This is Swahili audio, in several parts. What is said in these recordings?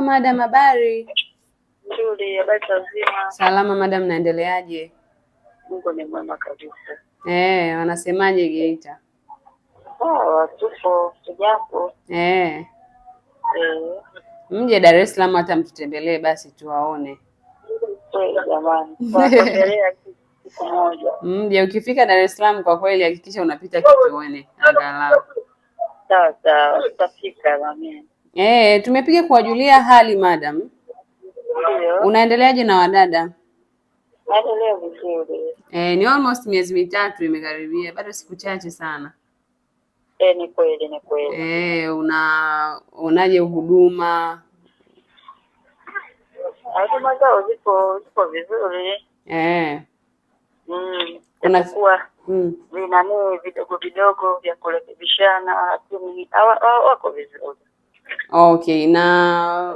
Madam, habari? Nzuri, habari za zima. Salama madam, naendeleaje? Mungu ni mwema kabisa. Eh, wanasemaje Geita? Oh, tupo tujapo. Eh. Eh. Mje Dar es Salaam hata mtutembelee basi tuwaone. Jamani, tuwatembelee Mje ukifika Dar es Salaam kwa kweli hakikisha unapita kituone angalau. Sawa sawa, tutafika, mimi. E, tumepiga kuwajulia hali madam. Unaendeleaje na wadada? Naendelea vizuri. E, ni almost miezi mitatu imekaribia, bado siku chache sana. E, ni kweli, ni kweli. E, unaonaje huduma? Huduma zao zipo zipo vizuri. E. Mm, kuna mm, vinanii vidogo vidogo vya kurekebishana lakini wako vizuri. Okay, na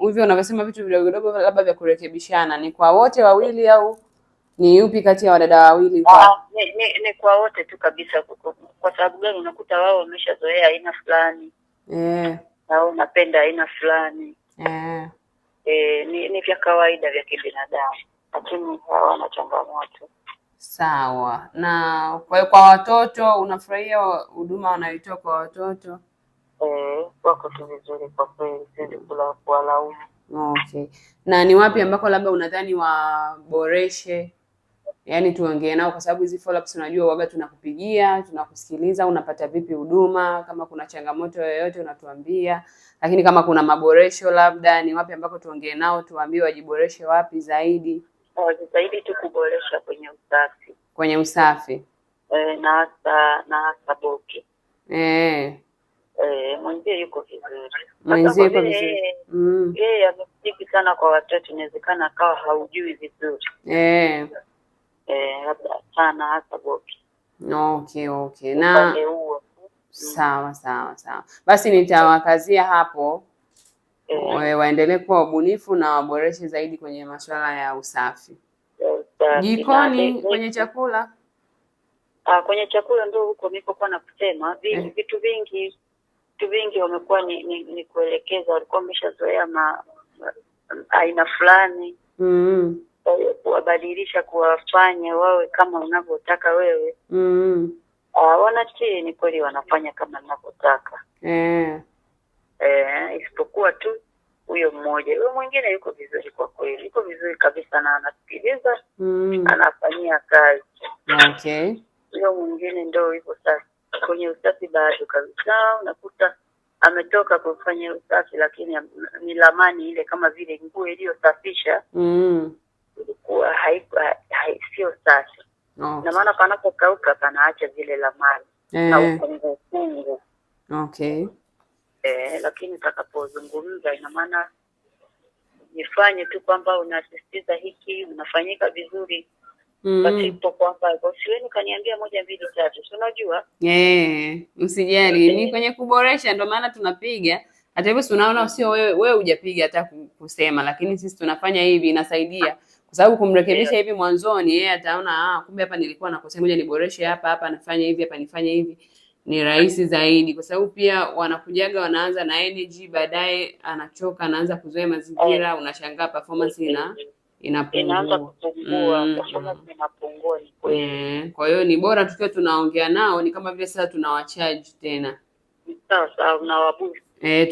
hivyo uh, unavyosema vitu vidogo vidogo labda vya kurekebishana ni kwa wote wawili au ni yupi kati ya wadada wawili? Kwa ah, ni, ni, ni kwa wote tu kabisa. Kwa sababu gani? Unakuta wao wameshazoea aina fulani yeah. au unapenda aina fulani yeah. E, eh, ni, ni vya kawaida vya kibinadamu, lakini hawana changamoto. Sawa. Na kwa kwa watoto, unafurahia huduma wanayoitoa kwa watoto? Eh, wako tu vizuri kwa kweli, siwezi kula kuwalaumu. Okay, na ni wapi ambako labda unadhani waboreshe, yaani tuongee nao, kwa sababu hizi follow ups unajua waga tunakupigia tunakusikiliza, unapata vipi huduma, kama kuna changamoto yoyote unatuambia, lakini kama kuna maboresho labda ni wapi ambako tuongee nao, tuambie wajiboreshe wapi zaidi. zaidi tu kuboresha kwenye usafi, kwenye usafi e, na hasa na hasa boke e. Eh. Eh, mwenzio yuko vizuri, mwenzio Mm. sana kwa watoto, inawezekana akawa haujui vizuri eh, eh, labda sana hasa boki. Okay, okay. Na sawa sawa sawa, basi nitawakazia hapo eh, waendelee kuwa wabunifu na waboreshe zaidi kwenye masuala ya usafi jikoni kwenye chakula. Aa, ah, kwenye chakula ndo huko niko na kusema eh. vitu eh, vingi vingi wamekuwa ni, ni, ni kuelekeza, walikuwa wameshazoea ma, aina fulani mm -hmm. kuwabadilisha, kuwafanya wawe kama unavyotaka wewe mm -hmm. Ah, wanatii, ni kweli wanafanya kama ninavyotaka yeah. Eh, isipokuwa tu huyo mmoja, huyo mwingine yuko vizuri kwa kweli, yuko vizuri kabisa na anasikiliza mm anafanyia kazi okay. Huyo mwingine ndo yuko sasa kwenye usafi bado kabisa, unakuta ametoka kufanya usafi, lakini ni lamani ile kama vile nguo iliyosafisha mm. ilikuwa sio safi oh. na maana panapokauka panaacha zile lamani eh. na ukungukungu okay. eh, lakini utakapozungumza ina maana jifanye tu kwamba unasisitiza hiki unafanyika vizuri mm. kwamba yeah. Eh, Usijali Ni eh. kwenye kuboresha, ndio maana tunapiga hata hivyo, unaona, sio wewe wewe hujapiga hata kusema, lakini sisi tunafanya hivi, inasaidia kwa sababu kumrekebisha yeah. Hivi mwanzoni yeye ataona ah, kumbe hapa nilikuwa nakosea, moja niboreshe hapa hapa, nafanya hivi hapa, nifanye hivi ni rahisi zaidi, kwa sababu pia wanakujaga wanaanza na energy, baadaye anachoka, anaanza kuzoea mazingira, unashangaa performance ina Mm. inapungua, ni mm. Kwa hiyo ni bora tukiwa tunaongea nao, ni kama vile sasa tunawacharge tena, tuna sawa,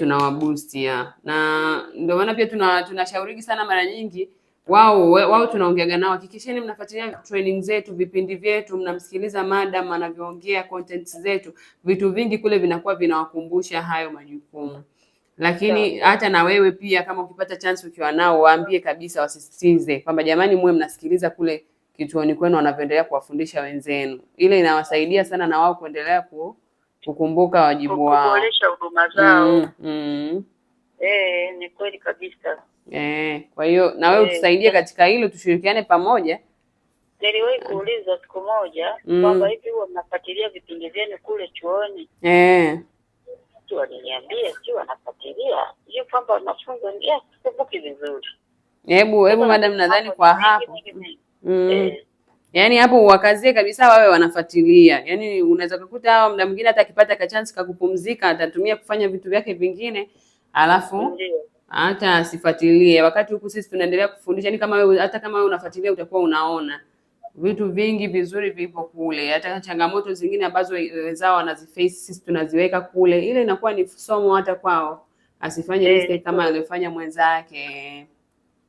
unawaboost eh, ya, na ndio maana pia tuna tunashauriki sana mara nyingi wao wao tunaongeaga nao, hakikisheni mnafuatilia training zetu, vipindi vyetu, mnamsikiliza madam anavyoongea, content zetu, vitu vingi kule vinakuwa vinawakumbusha hayo majukumu lakini hata na wewe pia kama ukipata chance ukiwa nao waambie kabisa, wasisitize kwamba jamani, muwe mnasikiliza kule kituoni kwenu wanavyoendelea kuwafundisha wenzenu. Ile inawasaidia sana na wao kuendelea ku, kukumbuka wajibu wao, kuboresha huduma zao. mm, mm. Eh, ni kweli kabisa. Eh, kwa hiyo na wewe eh, utusaidie katika hilo, tushirikiane pamoja. Niliwahi kuuliza siku moja mm. kwamba hivi huwa mnafuatilia vipindi vyenu kule chuoni eh mtu aliniambia sio anafuatilia hiyo kwamba mafunzo ndio sikumbuki vizuri. Hebu hebu madam, nadhani kwa hapo mm. E. Yaani hapo wakazie kabisa wawe wanafuatilia. Yaani unaweza kukuta hao mda mwingine hata akipata ka chance ka kupumzika atatumia kufanya vitu vyake vingine alafu hata asifuatilie, wakati huku sisi tunaendelea kufundisha. Yaani kama wewe hata kama wewe unafuatilia utakuwa unaona vitu vingi vizuri vipo kule, hata changamoto zingine ambazo eh, wenzao wanaziface sisi tunaziweka kule, ile inakuwa ni somo hata kwao, asifanye eh. mistake kama aliofanya mwenzake.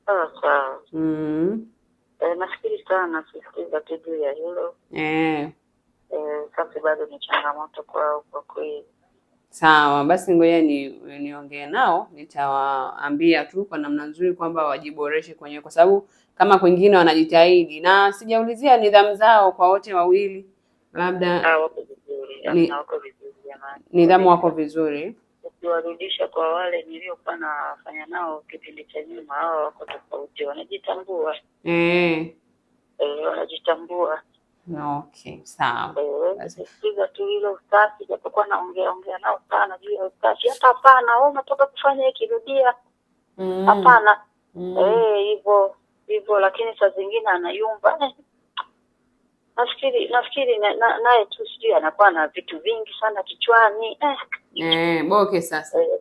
Sawa sawa. Mm. Mm-hmm. E, eh, nafikiri sana sisitiza tu juu ya hilo eh, eh, sasa bado ni changamoto kwao kwa kweli. Sawa, basi ngoja niongee ni nao, nitawaambia tu kwa namna nzuri kwamba wajiboreshe kwenyewe, kwa sababu kama kwingine wanajitahidi, na sijaulizia nidhamu zao kwa wote wawili, labda ah, nidhamu wako vizuri. Ukiwarudisha kwa wale niliokuwa nafanya nao kipindi cha nyuma, hao wako tofauti, wanajitambua eh, eh wanajitambua Okay, sawa. Eh, Sisitiza tu ile usafi, japokuwa naongea ongea nao sana juu ya usafi, hata hapana, wewe unatoka kufanya ikirudia, mm. hapana mm. Eh, hivyo hivyo, lakini saa zingine anayumba. Eh, nafikiri nafikiri naye tu sijui anakuwa na vitu vingi sana kichwani. Eh, boke sasa. Eh,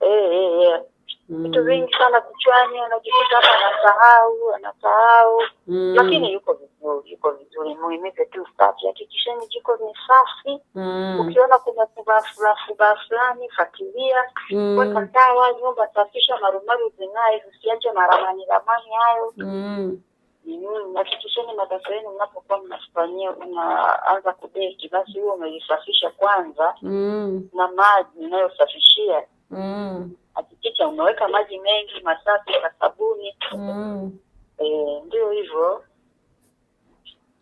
eh, eh vitu mm. vingi sana kichwani, anajikuta hapa anasahau anasahau mm. lakini yuko vizuri, yuko vizuri. Muhimize tu safi, hakikisheni jiko ni safi mm. ukiona kuna furafuba fulani fatilia mm. weka dawa, nyumba safisha, marumaru zing'ae, zisiache maramani ramani hayo mm. Mm, hakikisheni yenu mnapokuwa mnafanyia unaanza kubeki basi huo umeisafisha kwanza mm. na maji unayosafishia mm hakikisha umeweka maji mengi masafi na sabuni mm. E, ndio hivyo.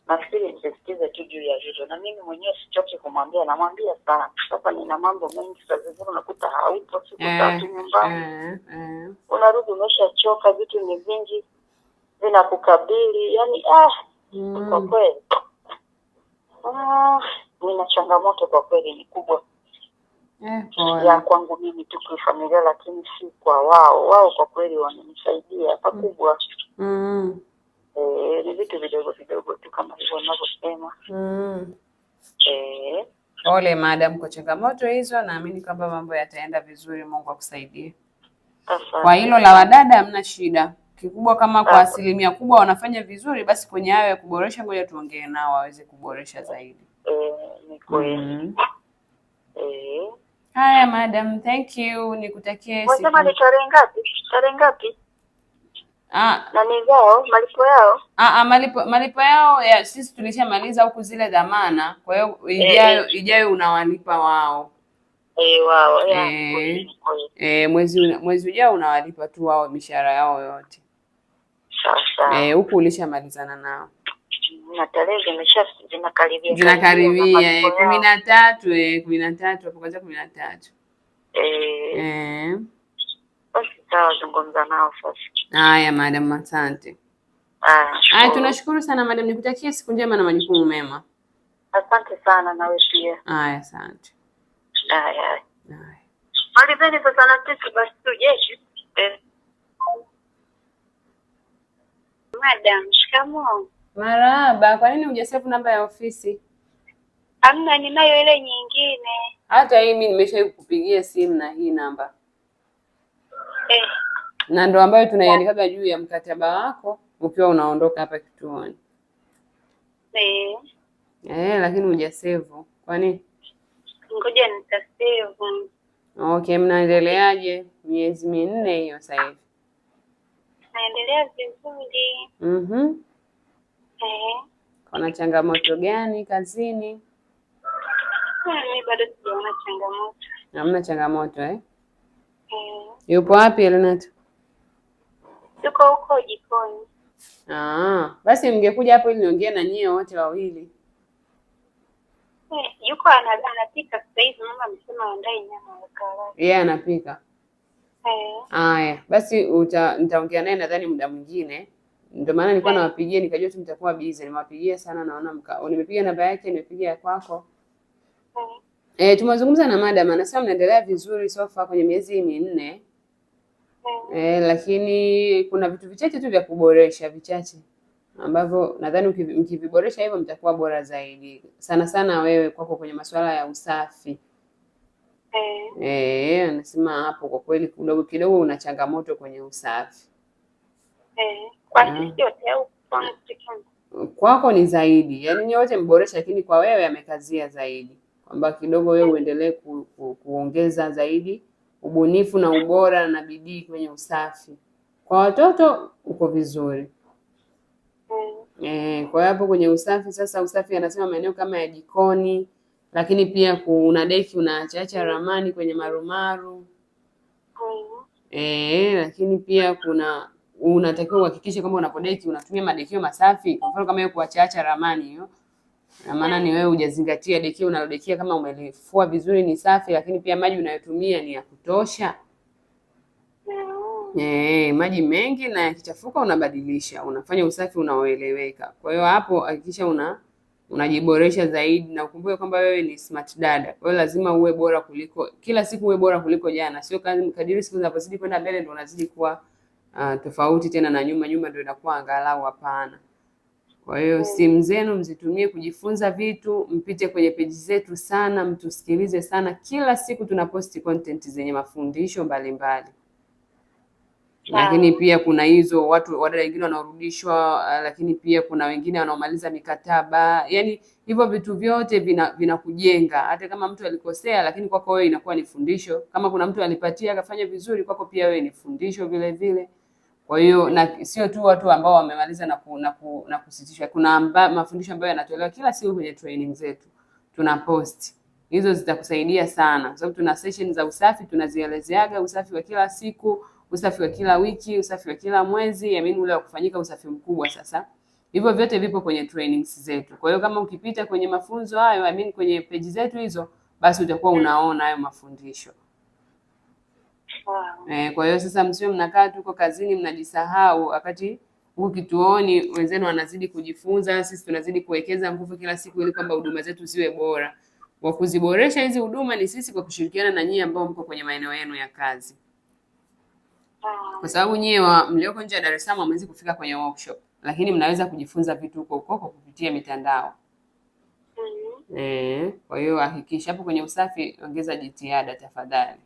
Nafikiri nisisitize tu juu ya hizo na mimi mwenyewe sichoke kumwambia, namwambia sana. Sasa nina mambo mengi, saa zingine unakuta haupo siku eh, tatu nyumbani, eh, eh. unarudi umeshachoka, vitu ni vingi vinakukabili, yani ah, mm. kwa kweli ah, nina changamoto kwa kweli, ni kubwa ya eh, kwangu mimi tu kifamilia, lakini si kwa wao. Wao kwa kweli wamenisaidia pakubwa mm. E, ni vitu vidogo vidogo tu kama hivyo ninavyosema mm. E, ole madam kwa changamoto hizo, naamini kwamba mambo yataenda vizuri. Mungu akusaidie kwa hilo la wadada, hamna shida kikubwa kama kwa asilimia kubwa wanafanya vizuri, basi kwenye hayo ya kuboresha, ngoja tuongee nao waweze kuboresha zaidi. Eh, ni kweli. Mm-hmm. Haya madam, thank you, nikutakie siku. Wewe ni tarehe ngapi? Tarehe ngapi? Ah, na ni zao malipo yao? Ah, ah, malipo malipo yao ya sisi tulishamaliza huku zile dhamana. Kwa hiyo eh. ijayo eh, ijayo unawalipa wao. Eh, wao. Eh, Eh, eh, mwezi mwezi ujao unawalipa tu wao mishahara yao yote. Sawa sawa. Eh, huku ulishamalizana nao na tarehe zimesha zinakaribia zinakaribia eh, kumi na tatu eh, kumi na tatu hapo kwanza kumi na tatu eh. basi sawa, zungumza nao sasa. Haya madam, asante. Ah, haya, tunashukuru sana madam, nikutakia siku njema na majukumu mema. Asante sana nawe pia. Haya, asante. Haya. Haya. Malizeni sasa na sisi basi tuje. Madam, shikamoo. Maraba, kwa nini hujasave namba ya ofisi? Amna, ninayo ile nyingine. Hata hii mimi nimeshawahi kukupigia simu na hii namba eh, na ndo ambayo tunaiandikaga juu ya mkataba wako ukiwa unaondoka hapa kituoni eh. Eh, lakini hujasave kwa nini? Ngoja nitasave. Okay, mnaendeleaje? miezi minne hiyo sasa hivi naendelea vizuri. Mhm. Kuna changamoto gani kazini? Mimi bado sijaona changamoto. Hamna changamoto eh? Mm. Yupo wapi Elnato? Yuko huko jikoni. Ah, basi mngekuja hapo ili niongee na nyie wote wawili. Eh, yuko anapika sasa hivi, mama amesema aandae nyama ya karanga. Yeye anapika. Eh. Aya, basi nitaongea naye nadhani muda mwingine. Ndio maana nilikuwa nawapigia nikajua tu mtakuwa busy. Nimewapigia sana naona mka oh, Nimepiga namba yake, nimepiga ya kwako. Mm. Eh, tumezungumza na madam, anasema mnaendelea vizuri sofa kwenye miezi minne. Mm. Eh, lakini kuna vitu vichache tu vya kuboresha vichache ambavyo nadhani mkiviboresha hivyo mtakuwa bora zaidi. Sana sana wewe kwako kwenye masuala ya usafi. Mm. Eh, anasema hapo kwa kweli kidogo kidogo una changamoto kwenye usafi. Mm. Mm. kwako ni zaidi, yaani wote mboresha, lakini kwa wewe amekazia zaidi kwamba kidogo wewe uendelee ku, ku, kuongeza zaidi ubunifu na ubora na bidii kwenye usafi. Kwa watoto uko vizuri mm. E, kwa hiyo hapo kwenye usafi sasa, usafi anasema maeneo kama ya jikoni, lakini pia kuna deki unaachaacha ramani kwenye marumaru mm. E, lakini pia kuna unatakiwa uhakikishe kwamba unapodeki unatumia madekio masafi. Kwa mfano kama hiyo kuachaacha ramani hiyo, na maana ni wewe hujazingatia dekio unalodekia, kama umelifua vizuri ni safi, lakini pia maji unayotumia ni ya kutosha. Yeah, mm. maji mengi na yakichafuka unabadilisha, unafanya usafi unaoeleweka. Kwa hiyo hapo hakikisha una unajiboresha zaidi, na ukumbuke kwamba wewe ni smart dada. Kwa hiyo lazima uwe bora kuliko kila siku, uwe bora kuliko jana, sio kadiri siku zinapozidi kwenda mbele ndio unazidi kuwa uh, tofauti tena na nyuma. Nyuma ndio inakuwa angalau hapana. Kwa hiyo mm. simu zenu mzitumie kujifunza vitu, mpite kwenye peji zetu sana, mtusikilize sana. Kila siku tunaposti content zenye mafundisho mbalimbali Lakini pia kuna hizo watu wadada wengine wanaorudishwa, ah, lakini pia kuna wengine wanaomaliza mikataba. yaani hivyo vitu vyote vinakujenga, vina hata kama mtu alikosea, lakini kwako wewe inakuwa ni fundisho. Kama kuna mtu alipatia akafanya vizuri, kwako pia wewe ni fundisho vile vile. Kwa hiyo na sio tu watu ambao wamemaliza na, ku, na, ku, na kusitishwa. Kuna amba, mafundisho ambayo yanatolewa kila siku kwenye training zetu tuna post hizo, zitakusaidia sana kwa sababu tuna session za usafi tunazielezeaga, usafi wa kila siku, usafi wa kila wiki, usafi wa kila mwezi, amini ule wa kufanyika usafi mkubwa. Sasa hivyo vyote vipo kwenye trainings zetu. Kwa hiyo kama ukipita kwenye mafunzo hayo, amini kwenye page zetu hizo, basi utakuwa unaona hayo mafundisho. Eh, kwa hiyo sasa msiwe mnakaa tuko kazini mnajisahau, wakati huku kituoni wenzenu wanazidi kujifunza, sisi tunazidi kuwekeza nguvu kila siku ili kwamba huduma zetu ziwe bora. Wa kuziboresha hizi huduma ni sisi kwa kushirikiana na nyie ambao mko kwenye maeneo yenu ya kazi, kwa sababu nyie mlioko nje ya Dar es Salaam hamwezi kufika kwenye workshop, lakini mnaweza kujifunza vitu huko huko kwa kupitia mitandao. Mm -hmm. Eh, kwa hiyo hakikisha hapo kwenye usafi, ongeza jitihada tafadhali.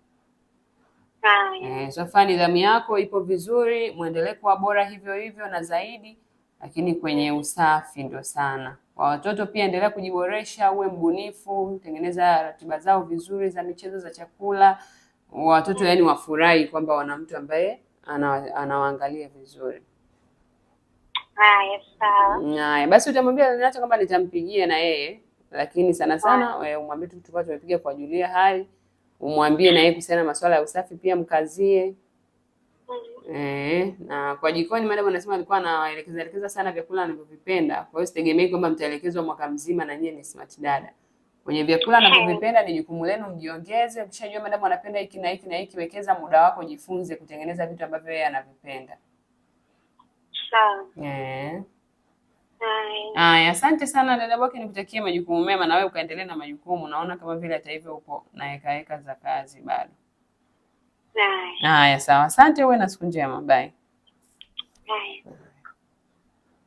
Eh, Sofia nidhamu yako ipo vizuri, mwendelee kuwa bora hivyo hivyo na zaidi, lakini kwenye usafi ndio sana. Kwa watoto pia endelea kujiboresha, uwe mbunifu, tengeneza ratiba zao vizuri za michezo, za chakula. Watoto yaani wafurahi kwamba wana mtu ambaye anawaangalia vizuri. Haya, sawa. basi utamwambia Renato kwamba nitampigia na yeye, lakini sana sana umwambie tu tutakuwa tumepiga kuwajulia hali umwambie na yeye kuhusiana na masuala ya usafi pia mkazie. Eh, na kwa jikoni madam anasema alikuwa anaelekeza elekeza sana vyakula anavyovipenda. Kwa hiyo sitegemei kwamba mtaelekezwa mwaka mzima na nyie ni smart dada. Kwenye vyakula anavyovipenda ni jukumu lenu mjiongeze. Ukishajua madam anapenda hiki na hiki na hiki, wekeza muda wako jifunze kutengeneza vitu ambavyo yeye anavipenda. Sawa. Eh. Haya, asante sana dada Boke, nikutakie majukumu mema, na wewe ukaendelee na majukumu. Naona kama vile hata hivyo uko na heka heka za kazi bado. Haya, sawa, asante, uwe na siku njema, bye. Bye.